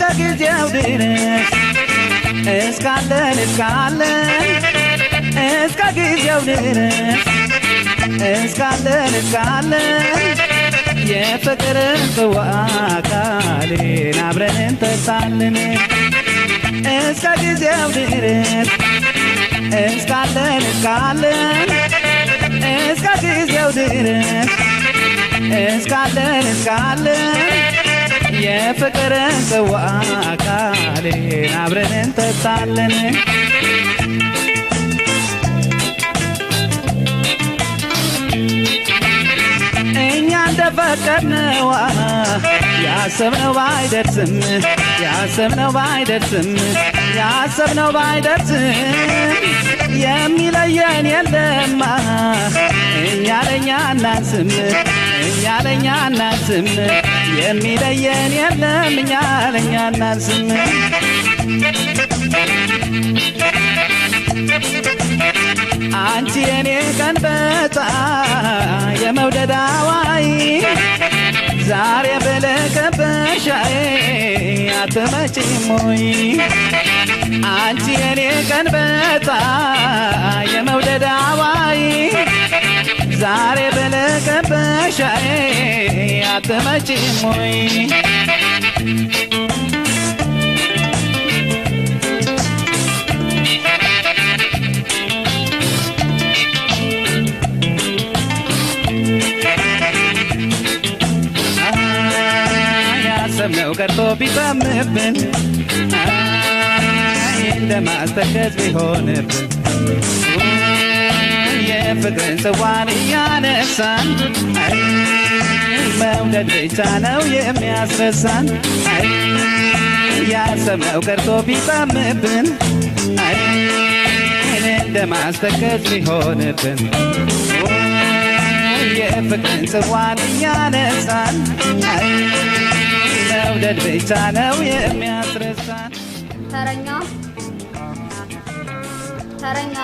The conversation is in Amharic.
እስከ ጊዜው ድረስ እስካለን እስካለን እስከ ጊዜው ድረስ እስካለን እስካለን የፍቅርን አብረን እንጠጣለን እስከ ጊዜው ድረስ እስካለን እስካለን እስከ ጊዜው ድረስ እስካለን እስካለን የፍቅር ጽዋ አካሌን አብረን እንጠጣለን። እኛ እንደፈቀድነው ያሰብነው ባይደርስም ያሰብነው ባይደርስም ያሰብነው ባይደርስም የሚለየን የለማ እኛ ለእኛ እናንስም እኛ ለእኛ እናስም የሚለየን የለም እኛ ለእኛ እናስም አንቺ የኔ ቀንበጣ የመውደድ አዋይ ዛሬ በለቀበሻዬ አትመጪም ወይ አንቺ የኔ ቀንበጣ የመውደድ አዋይ ዛሬ አትመጪም ወይ? ያሰብነው ቀርቶ ቢጠምብን እንደማስተከዝ ቢሆንብን የፍቅርን ጽዋን እያነሳን መውደድ ብቻ ነው የሚያስረሳን። ያሰብነው ቀርቶ ቢጣምብን እኔ እንደማስተከዝ ሊሆንብን የፍቅርን ጽዋን እያነሳን መውደድ ብቻ ነው የሚያስረሳን። ተረኛ ተረኛ